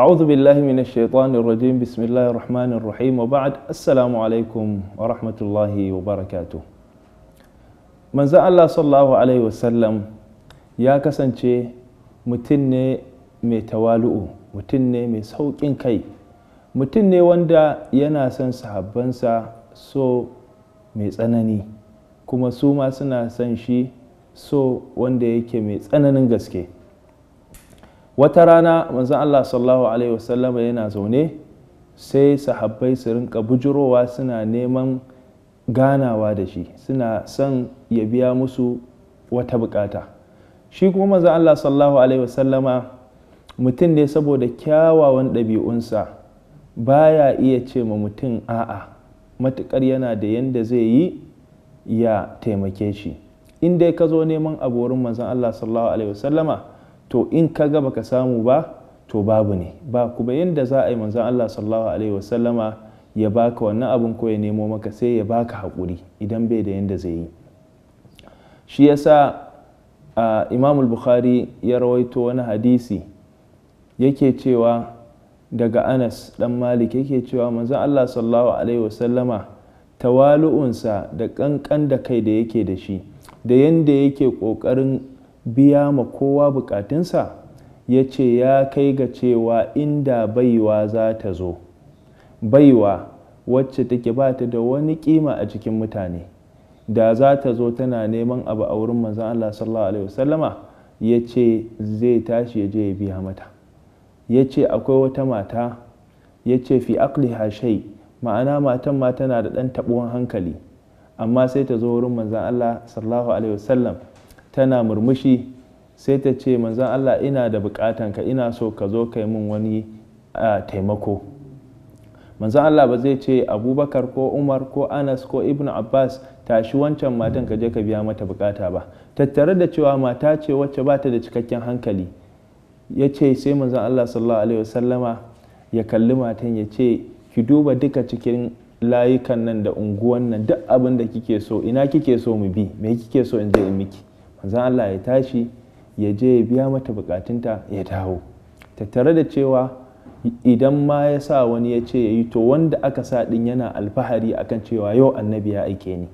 أعوذ بالله من الشيطان الرجيم بسم الله الرحمن الرحيم وبعد السلام عليكم ورحمة الله وبركاته من زال الله صلى الله عليه وسلم يا كسنشي متن mai tawalu'u mutum ne mai sauƙin kai mutum ne wanda yana son sahabbansa so mai tsanani kuma su ma suna san shi so wanda yake mai tsananin gaske wata rana manzon Allah sallallahu alaihi wasallam yana zaune sai sahabbai su rinka bujurowa suna neman ganawa da shi suna son ya biya musu wata bukata shi kuma manzon Allah sallallahu alaihi wasallama mutum ne saboda kyawawan ɗabi'unsa baya iya ce ma mutum a'a matuƙar yana da yanda zai yi ya taimake shi in dai ka zo neman abu wurin manzon Allah sallallahu alaihi wasallama to in ka ga baka samu ba to babu ne ba kuma yadda za a yi manzan Allah sallallahu alaihi wasallama ya baka wannan abin ko ya nemo maka sai ya baka haƙuri idan bai da yadda zai yi shi yasa a imamul bukhari ya rawaito wani hadisi yake cewa daga anas dan malik yake cewa manzan Allah sallallahu alaihi wasallama tawalu'unsa da kankan da kai da yake da shi da yadda yake ƙoƙarin biya ma kowa bukatunsa ya ce ya kai ga cewa inda baiwa za ta zo baiwa wacce take ba ta da wani kima a cikin mutane da za ta zo tana neman abu a wurin manzan Allah sallallahu alaihi wasallama ya ce zai tashi ya je ya biya mata ya ce akwai wata mata ya ce fi akli hashai ma'ana matan ma tana da ɗan taɓuwan hankali amma sai ta zo wurin manzan Allah sallallahu alaihi wasallam tana murmushi sai ta ce manzan Allah ina da bukatan ka ina so ka zo kai min wani taimako manzan Allah ba zai ce abubakar ko umar ko anas ko ibn abbas tashi wancan matan ka je ka biya mata bukata ba tattare da cewa mata ce wacce ba ta da cikakken hankali ya ce sai manzan Allah sallallahu alaihi wasallama ya kalli matan ya ce ki duba duka cikin layukan nan da unguwan nan duk abin da kike so ina kike so mu bi me kike so in je in miki manzan Allah ya tashi ya je ya biya mata bukatunta ya dawo tattare da cewa idan ma ya sa wani ya ce ya yi to wanda aka sa din yana alfahari akan cewa yau annabi ya aike ni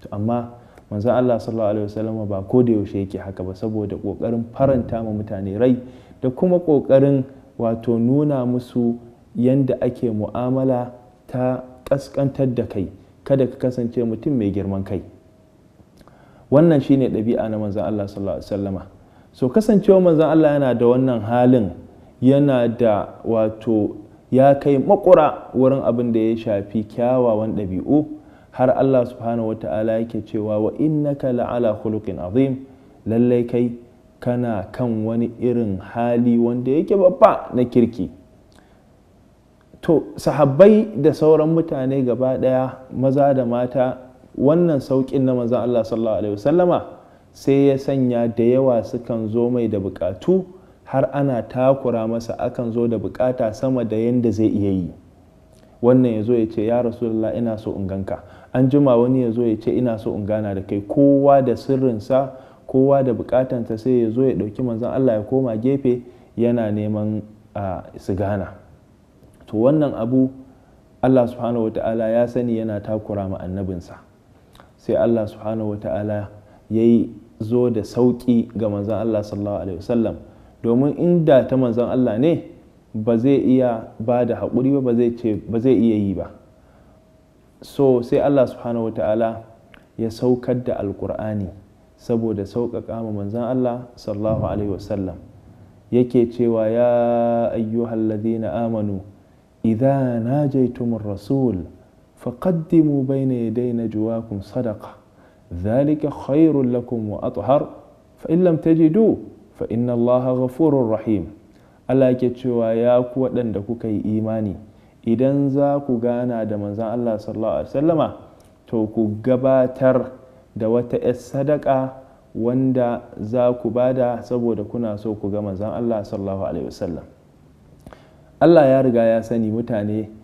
to amma manzan Allah sallallahu alaihi wasallam ba ko da yaushe yake haka ba saboda kokarin faranta ma mutane rai da kuma kokarin wato nuna musu yanda ake mu'amala ta kaskantar da kai kada ka kasance mutum mai girman kai wannan shine ɗabi'a na manzan Allah sallallahu alaihi wasallama so kasancewa manzan Allah yana da wannan halin yana da wato ya kai makura wurin abin da ya shafi kyawawan ɗabi'u har Allah subhanahu wata'ala yake cewa wa innaka la'ala hulukin azim lallai kai kana kan wani irin hali wanda yake babba na kirki to sahabbai da sauran mutane gaba ɗaya maza da mata wannan sauƙin na manzan Allah sallallahu alaihi wasallama sai ya sanya da yawa sukan zo mai da bukatu har ana takura masa akan zo da bukata sama da yadda zai iya yi wannan ya zo ya ce ya rasulullah ina so in ganka an jima wani ya zo ya ce ina so in gana da kai kowa da sirrinsa kowa da bukatansa sai ya zo ya ɗauki manzan Allah ya koma gefe yana neman su gana to wannan abu Allah subhanahu wa ta'ala ya sani yana takura ma annabinsa sai Allah subhanahu wata'ala ya zo da sauƙi ga manzan Allah sallallahu alaihi wasallam domin inda ta manzan Allah ne ba zai iya ba da haƙuri ba ba zai iya yi ba so sai Allah subhanahu wata'ala ya saukar da alƙur'ani saboda sauƙaƙa ma manzan Allah sallallahu alaihi wasallam yake cewa ya ayyuhal ladina amanu idza najaytumur rasul فقدموا بين يدي نجواكم صدقة ذلك خير لكم وأطهر فإن لم تجدوا فإن الله غفور رحيم ألا كتشوا ياكو ودندكو كي إيماني إذن زاكو غانا دمزان الله صلى الله عليه وسلم توكو غباتر دوات السدقة واندا زاكو بادا سبو دكونا سوكو غمزان الله صلى الله عليه وسلم الله يارغا يا سني متاني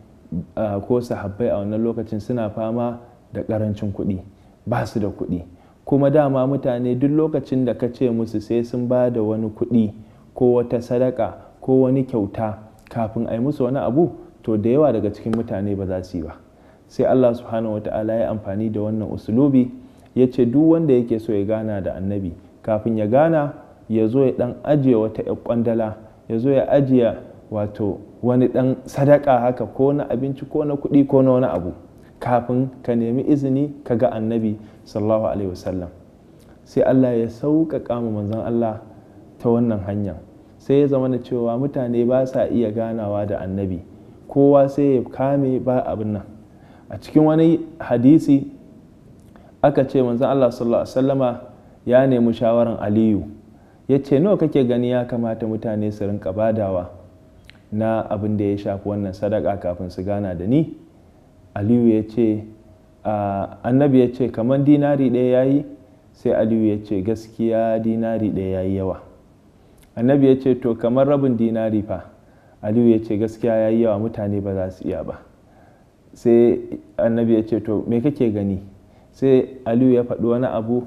ko sahabbai a wannan lokacin suna fama da karancin kuɗi ba su da kuɗi kuma dama mutane duk lokacin da ka ce musu sai sun ba da wani kuɗi ko wata sadaka ko wani kyauta kafin a yi musu wani abu to da yawa daga cikin mutane ba za su yi ba sai Allah subhanahu wata'ala ya amfani da wannan usulubi ya ce duk wanda yake so ya gana da annabi kafin ya gana ya zo ya ɗan ajiye wata 'yan kwandala ya zo ya ajiye wato wani dan sadaka haka ko na abinci ko na kuɗi ko na wani abu kafin ka nemi izini ka ga annabi sallallahu alaihi wasallam sai Allah ya sauƙaƙa kama manzon Allah ta wannan hanya sai ya zama cewa mutane ba sa iya ganawa da annabi kowa sai ya kame ba abin nan a cikin wani hadisi aka ce manzon Allah sallallahu alaihi wasallama ya nemi shawaran Aliyu ya ce nawa kake gani ya kamata mutane su rinka badawa na abin da ya shafi wannan sadaka kafin su gana da ni aliyu ya ce annabi ya ce kamar dinari ɗaya ya yi sai aliyu ya ce gaskiya dinari ɗaya ya yi yawa annabi ya ce to kamar rabin dinari fa aliyu ya ce gaskiya ya yi yawa mutane ba za su iya ba sai annabi ya ce to me kake gani sai aliyu ya faɗi wani abu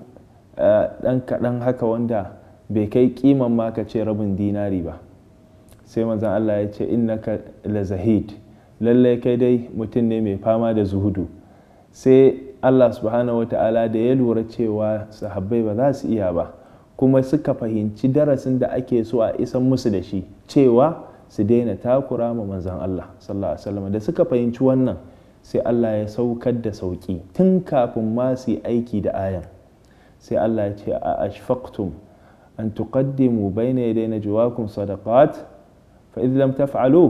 eh, ɗan kaɗan haka wanda bai kai kiman ma ka ce rabin dinari ba sai manzan Allah ya ce innaka la zahid lallai kai dai mutum ne mai fama da zuhudu sai Allah subhanahu wata'ala da ya lura cewa sahabbai ba za su iya ba kuma suka fahimci darasin da ake so a isan musu da shi cewa su daina takura ma manzan Allah sallallahu da suka fahimci wannan sai Allah ya saukar da sauki tun kafin ma su yi aiki da ayan sai Allah ya ce a ashfaqtum an tuqaddimu bayna yadayna jawakum sadaqat فإذ لم تفعلوا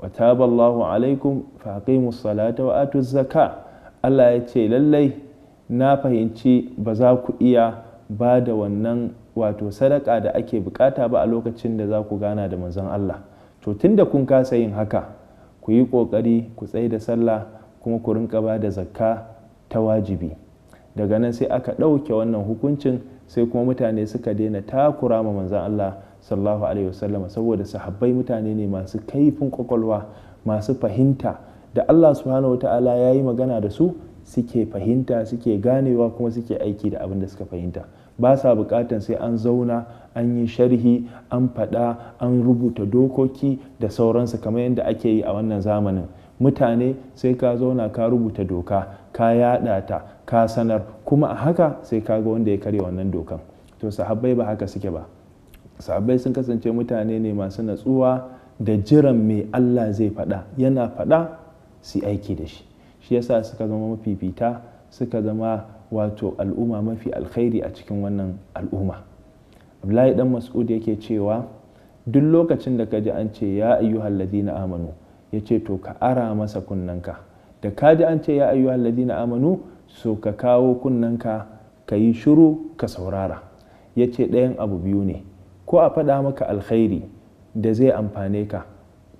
وتاب الله alaikum faqimu salata wa atu zaka Allah ya ce lallai na fahimci ba za ku iya ba da wannan wato sadaka da ake bukata ba a lokacin da za ku gana da manzon Allah to tunda kun kasa yin haka ku yi kokari ku tsaye da sallah kuma ku rinka ba da zakka ta wajibi daga nan sai aka ɗauke wannan hukuncin sai kuma mutane suka daina takura ma manzon Allah sallallahu alaihi wasallama saboda sahabbai mutane ne masu kaifin kwakwalwa masu fahimta da Allah subhanahu wata'ala ya yi magana da su suke fahimta suke ganewa kuma suke aiki da abin da suka fahimta ba sa bukatan sai an zauna an yi sharhi an faɗa an rubuta dokoki da sauransu kamar yadda ake yi a wannan zamanin mutane sai ka zauna ka rubuta doka ka yada ta ka sanar kuma a haka sai ka ga wanda ya karya wannan dokan to sahabbai ba haka suke ba sahabbai sun kasance mutane ne masu natsuwa da jiran mai Allah zai faɗa yana faɗa su aiki da shi shi yasa suka zama mafifita suka zama wato al'umma mafi alkhairi a cikin wannan al'umma abdullahi dan mas'ud yake cewa duk lokacin da kaji an ce ya ayyuhal ladina amanu yace to ka ara masa kunnanka da ka ji an ce ya ayyuhal ladina amanu so ka kawo kunnanka ka yi shiru ka saurara yace ɗayan abu biyu ne ko a faɗa maka alkhairi da zai amfane ka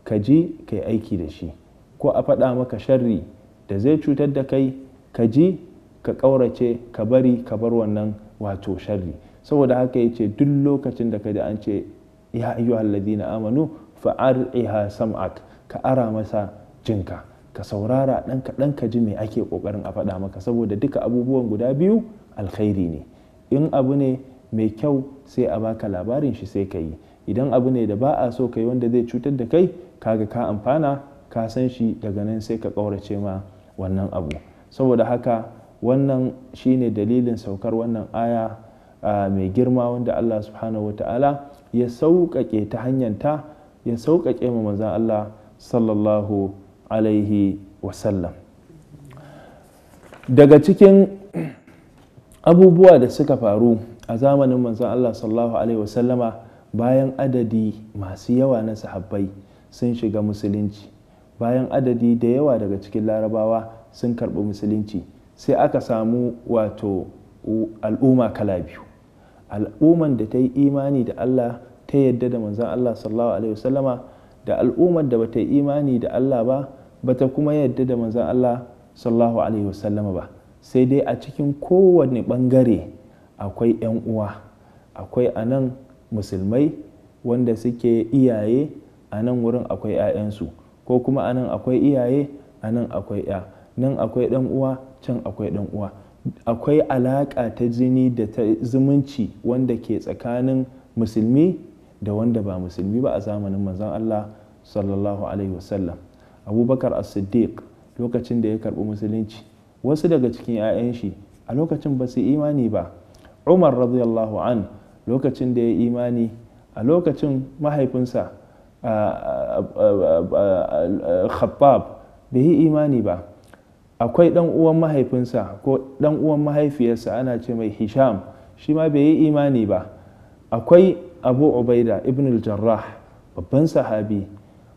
ka ji ka yi aiki da shi ko a faɗa maka sharri da zai cutar da kai ka ji ka ƙaurace ka bari ka bar wannan wato sharri saboda haka ya ce duk lokacin da ka da an ce ya ayyuhal na amanu iha sam'ak ka ara masa jinka ka saurara ɗan kaɗan ka ji me ake ƙoƙarin a faɗa maka saboda duka abubuwan guda biyu alkhairi ne in abu ne mai kyau sai a baka labarin shi sai ka yi idan abu ne da ba a so ka yi wanda zai cutar da kai kaga ka amfana ka san shi daga nan sai ka ƙaurace ma wannan abu saboda haka wannan shine dalilin saukar wannan aya mai girma wanda Allah subhanahu wa ta'ala ya sauƙaƙe ta hanyanta ya sauƙaƙe ma manzan Allah sallallahu alaihi wasallam daga cikin abubuwa da suka faru a zamanin manzon Allah sallallahu alaihi wasallama bayan adadi masu yawa na sahabbai sun shiga musulunci bayan adadi da yawa daga cikin larabawa sun karɓi musulunci sai aka samu wato al'umma kala biyu al'umman da ta yi imani da Allah ta yadda da manzon Allah sallallahu alaihi wasallama da al'ummar da bata yi imani da Allah ba bata kuma yadda da manzon Allah sallallahu alaihi wasallama ba sai dai a cikin kowane bangare akwai 'yan uwa akwai anan musulmai wanda suke iyaye a nan wurin akwai 'ya'yansu ko kuma anan akwai iyaye a nan akwai 'ya nan akwai ɗan uwa can akwai ɗan uwa akwai alaƙa ta jini da ta zumunci wanda ke tsakanin musulmi da wanda ba musulmi ba a zamanin manzon Allah sallallahu alaihi wasallam abubakar as-siddiq lokacin da ya karɓi musulunci wasu daga cikin 'ya'yan shi a lokacin ba su imani ba umar radiyallahu an lokacin da ya imani a lokacin mahaifinsa khabbab bai yi imani ba akwai dan uwan mahaifinsa ko dan uwan mahaifiyarsa ana ce mai hisham shi ma bai yi imani ba akwai abu ubaida ibn jarrah babban sahabi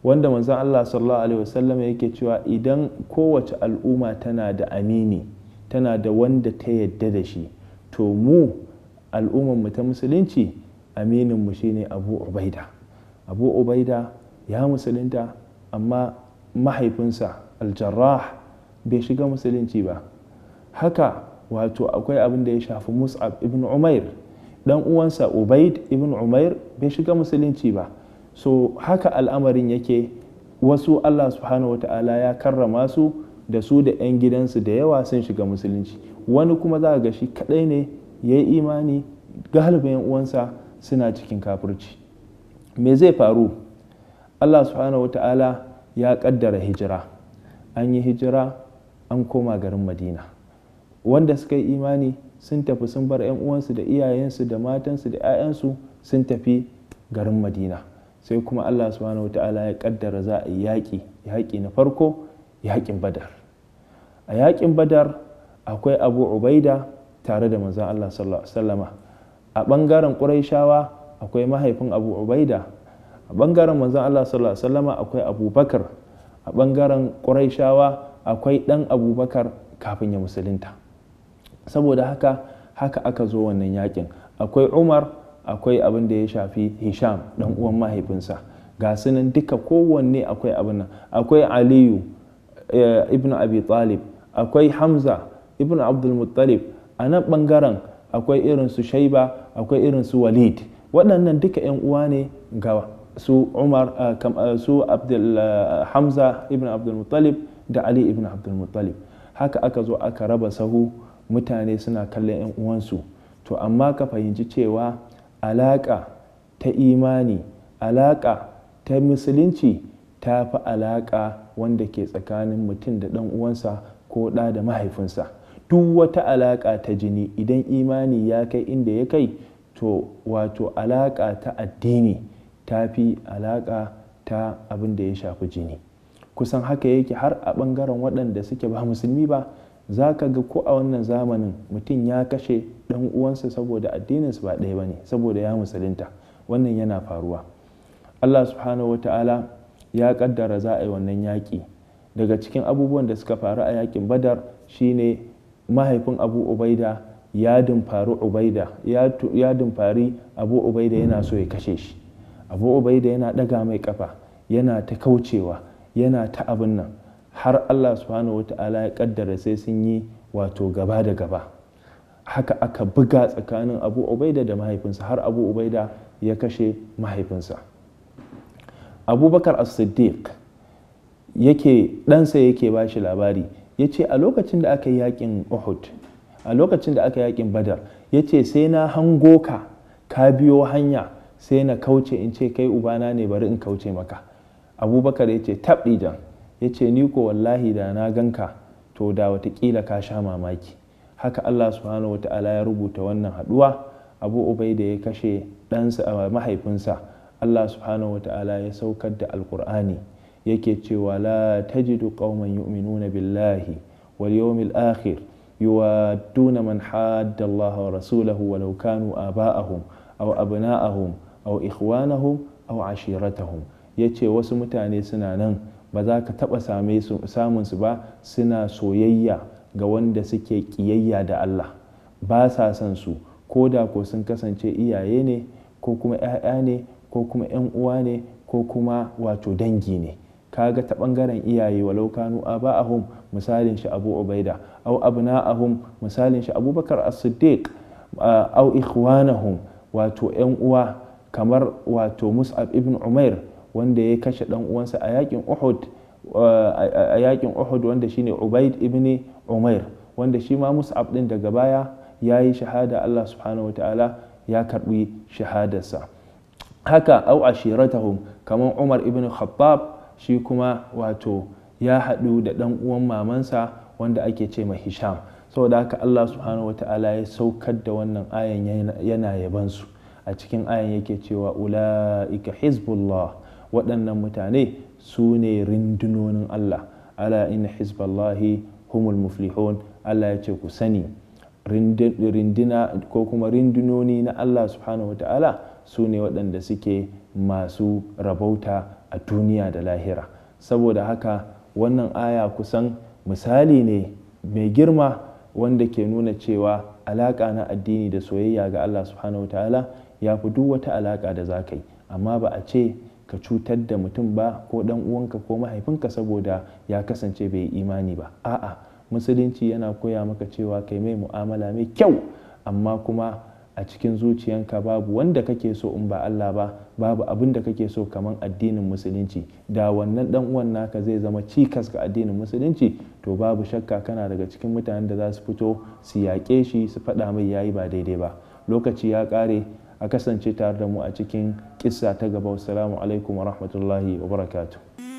wanda manzon Allah sallallahu alaihi wasallam yake cewa idan kowace al'umma tana da amini tana da wanda ta yadda da shi to mu al'ummar mu ta musulunci aminin mu shine abu ubaida abu ubaida ya musulunta amma mahaifinsa aljarrah bai shiga musulunci ba haka wato akwai abin da ya shafi mus'ab ibn umair dan uwansa ubaid ibn umair bai shiga musulunci ba so haka al'amarin yake wasu allah subhanahu wa ya karrama su da su da 'yan gidansu da yawa sun shiga musulunci wani kuma za ga shi kadai ne ya yi imani galibin uwansa suna cikin kafirci me zai faru allah subhanahu wa ta'ala ya kaddara hijira an yi hijira an koma garin madina wanda suka yi imani sun tafi sun bar 'yan uwansu da iyayensu da matansu da 'ya'yansu sun tafi garin madina sai kuma allah subhanahu ta'ala ya kaddara za a yi yaƙi yaƙi na farko yaƙin badar a yaƙin badar akwai abu ubaida tare da manzon Allah sallama a bangaren ƙuraishawa akwai mahaifin Abu Ubaida a bangaren manzon Allah sallama akwai Abubakar a bangaren ƙuraishawa akwai ɗan Abubakar kafin ya musulunta saboda haka haka aka zo wannan yakin akwai Umar akwai abin da ya shafi Hisham ɗan uwan mahaifinsa ga sunan duka kowanne akwai abin nan akwai Aliyu eh, ibn Abi Talib akwai Hamza ibn Abdul Muttalib a nan bangaren akwai irin su shaiba akwai irin su walid waɗannan duka 'yan uwa ne ga su umar su hamza ibn abdulmutalib da ali ibn abdulmutalib haka aka zo aka raba sahu mutane suna kallon 'yan uwansu to amma ka fahimci cewa alaƙa ta imani alaƙa ta musulunci ta fi alaƙa wanda ke tsakanin mutum da ɗan uwansa ko ɗa da mahaifinsa duk wata alaƙa ta jini idan imani ya kai inda ya kai to wato alaƙa ta addini ta fi alaƙa ta abin da ya shafi jini kusan haka yake har a ɓangaren waɗanda suke ba musulmi ba za ka ga ko a wannan zamanin mutum ya kashe ɗan uwansa saboda addininsu ba ɗaya ba ne saboda ya musulunta wannan yana faruwa allah subhanahu wa ta'ala ya ƙaddara za a yi wannan yaƙi daga cikin abubuwan da suka faru a yaƙin badar shine mahaifin abu ubaida ya dumfari ubaida ya dumfari abu ubaida yana so ya kashe shi abu ubaida yana daga mai kafa yana ta kaucewa yana ta abin nan har allah subhanahu wata'ala ya kaddara sai sun yi wato gaba da gaba haka aka buga tsakanin abu ubaida da mahaifinsa har abu ubaida ya kashe mahaifinsa abubakar as-siddiq yake ɗansa yake ba shi labari ya ce a lokacin da aka yi yakin uhud a lokacin da aka yi yakin badar ya ce sai na hango ka ka biyo hanya sai na kauce in ce kai ubana ne bari in kauce maka abubakar ya ce tabdijan ya ce ni ko wallahi da na ganka to da watakila ka sha mamaki haka allah subhanahu wa ta'ala ya rubuta wannan haduwa abu ubai da ya kashe ɗansa mahaifinsa allah subhanahu wa ta'ala ya saukar da alkur'ani yake cewa la tajidu qauman yu'minuna billahi wal yawmil akhir yuwadduna man hadda Allah wa rasulahu walau kanu aba'ahum aw abna'ahum aw ikhwanahum aw ashiratahum yace wasu mutane suna nan ba za ka taba same su samun su ba suna soyayya ga wanda suke kiyayya da Allah ba sa san su ko da ko sun kasance iyaye ne ko kuma 'ya'ya ne ko kuma 'yan uwa ne ko kuma wato dangi ne kaga ta bangaren iyaye walau kanu aba'ahum misalin shi Abu Ubaida aw abna'ahum misalin shi Abubakar As-Siddiq aw ikhwanahum wato yan uwa kamar wato Mus'ab ibn Umair wanda ya kashe dan uwansa a yakin Uhud a yakin Uhud wanda shine Ubaid ibn Umair wanda shi ma Mus'ab din daga baya yayi shahada Allah subhanahu wataala ya karbi shahadarsa haka au ashiratahum kamar Umar ibn Khattab shi kuma wato ya haɗu da ɗan uwan mamansa wanda ake ce ma hisham saboda haka allah subhanahu ta'ala ya saukar da wannan ayan yana yabansu a cikin ayan yake cewa ula'ika hizbullah waɗannan mutane su ne rindunonin allah ala inna hizballahi humul muflihun allah ya ce ku sani rindina ko kuma rindunoni na allah subhanahu wata'ala su ne waɗanda suke masu rabauta a duniya da lahira saboda haka wannan aya kusan misali ne mai girma wanda ke nuna cewa alaƙa na addini da soyayya ga Allah subhanahu ta'ala ya fi duk wata alaƙa da za ka yi amma ba a ce ka cutar da mutum ba ko ɗan uwanka ko mahaifinka saboda ya kasance bai imani ba a'a musulunci yana koya maka cewa kai mai mu'amala mai kyau amma kuma a cikin zuciyanka babu wanda kake so in ba Allah ba babu abin da kake so kaman addinin musulunci da wannan dan uwan naka zai zama cikas ga addinin musulunci to babu shakka kana daga cikin mutanen da za su fito su yaƙe shi su faɗa mai yayi ba daidai ba lokaci ya ƙare a kasance tare da mu a cikin kissa ta gaba wassalamu alaikum wa rahmatullahi wa barakatuh